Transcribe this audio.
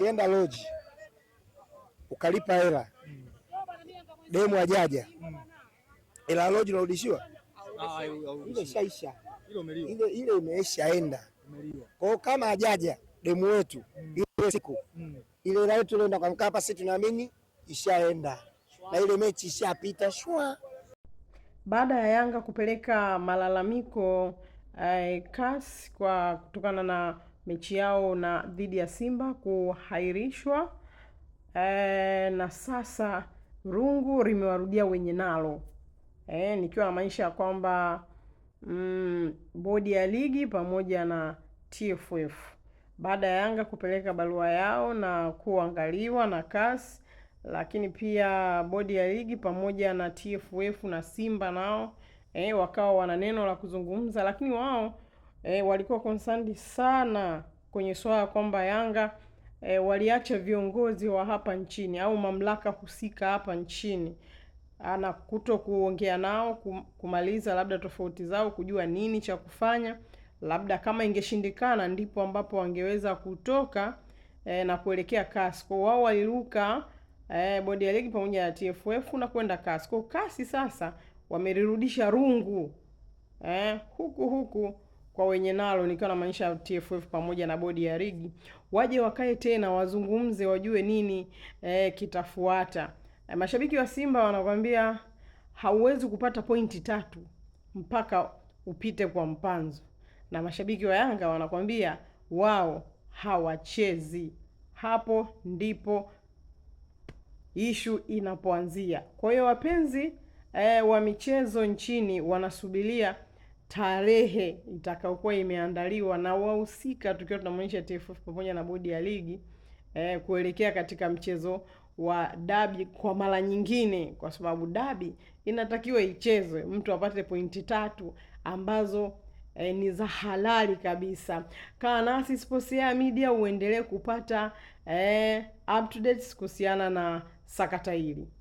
ukienda loji ukalipa hela mm. demu ajaja hela ya loji unarudishiwa? Ah, ile shaisha ile ile imeishaenda. Kwa hiyo kama ajaja demu wetu mm. ile siku mm. ile hela yetu ilienda kwa Mkapa, sisi tunaamini ishaenda na ile mechi ishapita shwa. Baada ya Yanga kupeleka malalamiko eh, kas kwa kutokana na mechi yao na dhidi ya Simba kuhairishwa e, na sasa rungu limewarudia wenye nalo e, nikiwa namaanisha kwamba mm, bodi ya ligi pamoja na TFF baada ya Yanga kupeleka barua yao na kuangaliwa na CAS, lakini pia bodi ya ligi pamoja na TFF na Simba nao e, wakawa wana neno la kuzungumza, lakini wao e, walikuwa concerned sana kwenye swala kwamba Yanga e, waliacha viongozi wa hapa nchini au mamlaka husika hapa nchini ana kuto kuongea nao, kumaliza labda tofauti zao, kujua nini cha kufanya, labda kama ingeshindikana, ndipo ambapo wangeweza kutoka e, na kuelekea CAS. Kwa wao waliruka e, bodi ya ligi pamoja na TFF na kwenda CAS. Kwa kasi sasa wamelirudisha rungu e, huku huku kwa wenye nalo, nikiwa na maanisha ya TFF pamoja na bodi ya ligi, waje wakae tena wazungumze, wajue nini eh, kitafuata. Eh, mashabiki wa Simba wanakwambia hauwezi kupata pointi tatu mpaka upite kwa mpanzo, na mashabiki wa Yanga wanakwambia wao hawachezi. Hapo ndipo ishu inapoanzia. Kwa hiyo wapenzi eh, wa michezo nchini wanasubiria tarehe itakayokuwa imeandaliwa na wahusika, tukiwa tunamwonyesha TFF pamoja na bodi ya ligi eh, kuelekea katika mchezo wa dabi kwa mara nyingine, kwa sababu dabi inatakiwa ichezwe, mtu apate pointi tatu ambazo eh, ni za halali kabisa. Kaa nasi Sportsia Media uendelee kupata eh, updates kuhusiana na sakata hili.